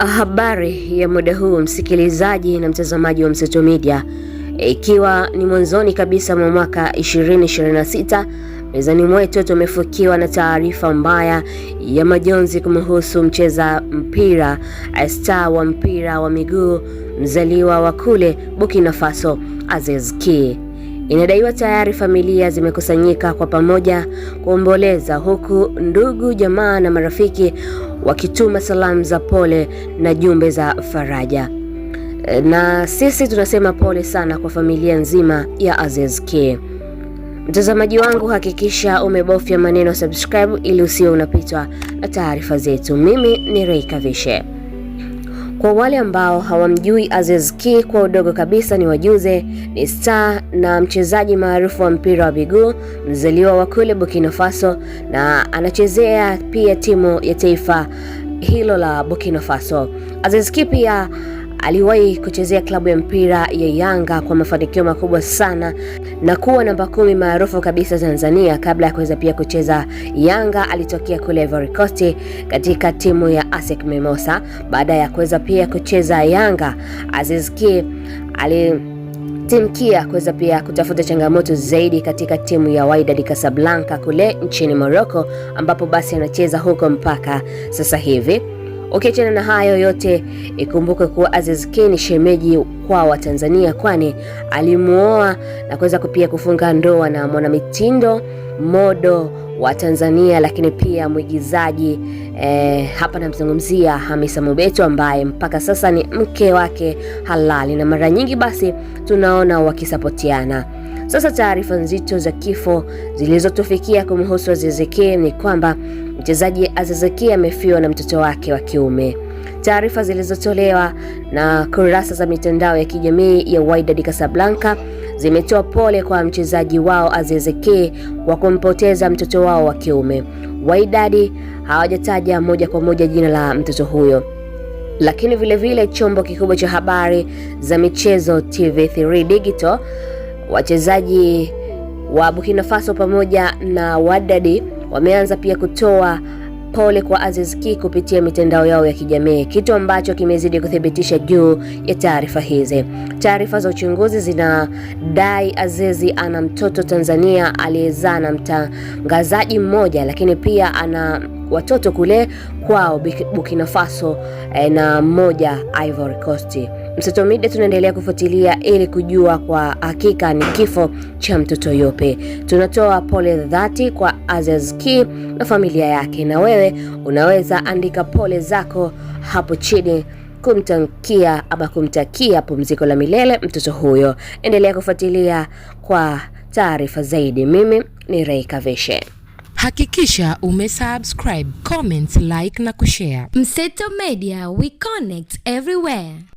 Habari ya muda huu msikilizaji na mtazamaji wa Mseto Media, ikiwa ni mwanzoni kabisa mwa mwaka 2026 mezani mwetu tumefukiwa na taarifa mbaya ya majonzi kumhusu mcheza mpira star wa mpira wa miguu mzaliwa wa kule Burkina Faso Aziz Ki Inadaiwa tayari familia zimekusanyika kwa pamoja kuomboleza, huku ndugu, jamaa na marafiki wakituma salamu za pole na jumbe za faraja. Na sisi tunasema pole sana kwa familia nzima ya Aziz K. Mtazamaji wangu, hakikisha umebofya maneno subscribe ili usio unapitwa na taarifa zetu. Mimi ni Reika Vishe. Kwa wale ambao hawamjui Aziz Ki kwa udogo kabisa, ni wajuze, ni star na mchezaji maarufu wa mpira wa miguu mzaliwa wa kule Burkina Faso, na anachezea pia timu ya taifa hilo la Burkina Faso. Aziz Ki pia aliwahi kuchezea klabu ya mpira ya Yanga kwa mafanikio makubwa sana na kuwa namba kumi maarufu kabisa Tanzania. Kabla ya kuweza pia kucheza Yanga, alitokea kule Ivory Coast katika timu ya ASEC Mimosa. Baada ya kuweza pia kucheza Yanga, Aziz Ki ali timkia kuweza pia kutafuta changamoto zaidi katika timu ya Wydad Casablanca kule nchini Morocco, ambapo basi anacheza huko mpaka sasa hivi. Ukiachana na hayo yote, ikumbuke kuwa Aziz Ki ni shemeji kwa Watanzania, kwani alimuoa na kuweza pia kufunga ndoa na mwanamitindo modo wa Tanzania, lakini pia mwigizaji eh, hapa namzungumzia Hamisa Mobeto ambaye mpaka sasa ni mke wake halali, na mara nyingi basi tunaona wakisapotiana. Sasa taarifa nzito za kifo zilizotufikia kumhusu Aziz ni kwamba Mchezaji Azizekia amefiwa na mtoto wake wa kiume. Taarifa zilizotolewa na kurasa za mitandao ya kijamii ya Wydad Casablanca zimetoa pole kwa mchezaji wao Azizeki kwa kumpoteza mtoto wao wa kiume. Wydad hawajataja moja kwa moja jina la mtoto huyo, lakini vilevile vile chombo kikubwa cha habari za michezo TV3 Digital, wachezaji wa Burkina Faso pamoja na Wydad Wameanza pia kutoa pole kwa Aziz Ki kupitia mitandao yao ya kijamii, kitu ambacho kimezidi kuthibitisha juu ya taarifa hizi. Taarifa za uchunguzi zinadai Azizi ana mtoto Tanzania aliyezaa na mtangazaji mmoja, lakini pia ana watoto kule kwao Burkina Faso eh, na mmoja Ivory Coast. Mseto Media tunaendelea kufuatilia ili kujua kwa hakika ni kifo cha mtoto Yope. Tunatoa pole dhati kwa Aziz Ki na familia yake, na wewe unaweza andika pole zako hapo chini kumtankia ama kumtakia pumziko la milele mtoto huyo. Endelea kufuatilia kwa taarifa zaidi. Mimi ni Reika Veshe. Hakikisha umesubscribe, comment, like na kushare. Mseto Media, we connect everywhere.